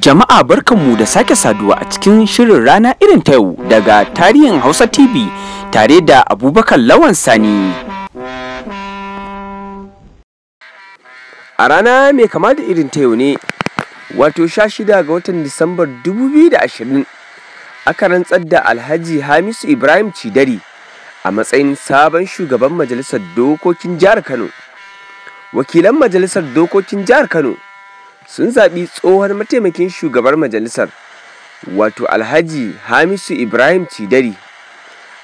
Jama'a barkanmu da sake saduwa a cikin shirin rana irin ta yau daga tarihin Hausa TV tare da Abubakar Lawan Sani. A rana mai kama da irin ta yau ne, wato sha shida ga watan Disambar ashirin, aka rantsar da Alhaji Hamisu Ibrahim Cidari a matsayin sabon shugaban Majalisar Dokokin Jihar Kano. Wakilan Majalisar Dokokin Jihar Kano. sun zaɓi tsohon mataimakin shugabar majalisar wato alhaji hamisu ibrahim cidari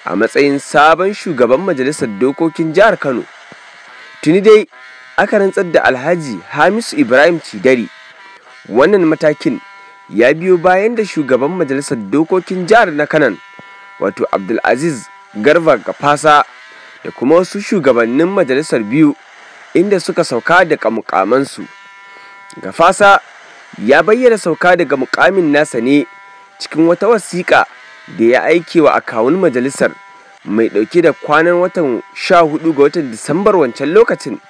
a matsayin sabon shugaban majalisar dokokin jihar kano tuni dai aka rantsar da alhaji hamisu ibrahim cidari wannan matakin ya biyo bayan da shugaban majalisar dokokin jihar na kanan wato abdulaziz garba Fasa da kuma wasu shugabannin majalisar biyu inda suka sauka daga mukamansu. Gafasa ya bayyana sauka daga mukamin nasa ne cikin wata wasiƙa da ya aike wa akawun majalisar mai ɗauke da kwanan watan 14 ga watan Disambar wancan lokacin,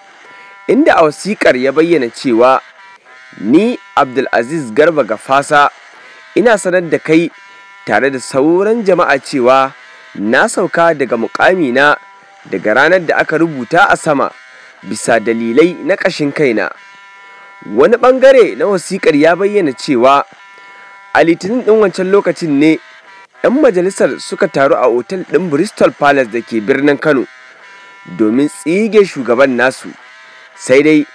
inda a wasiƙar ya bayyana cewa ni Abdulaziz Garba Gafasa ina sanar da kai tare da sauran jama'a cewa na sauka daga mukamina daga ranar da aka rubuta a sama bisa dalilai na ƙashin kaina. wani bangare na wasikar ya bayyana cewa a litinin ɗin wancan lokacin ne 'yan majalisar suka taru a otal ɗin bristol palace da ke birnin kano domin tsige shugaban nasu sai dai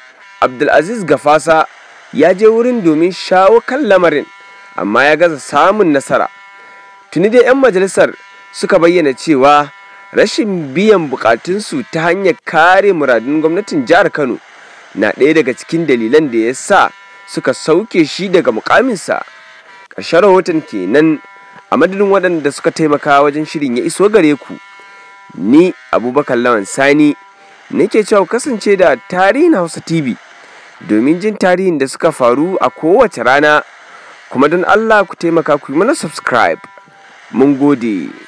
abdulaziz gafasa ya je wurin domin shawo kan lamarin amma ya gaza samun nasara tuni dai 'yan majalisar suka bayyana cewa rashin biyan bukatunsu ta hanyar kare muradun gwamnatin jihar kano na ɗaya daga cikin dalilan da ya sa suka sauke shi daga mukaminsa ƙarshen rahoton kenan a madadin waɗanda suka taimaka wajen shirin ya iso gare ku ni abubakar lawan sani nake cewa kasance da tarihin hausa tv domin jin tarihin da suka faru a kowace rana kuma don allah ku taimaka ku yi mana subscribe mun gode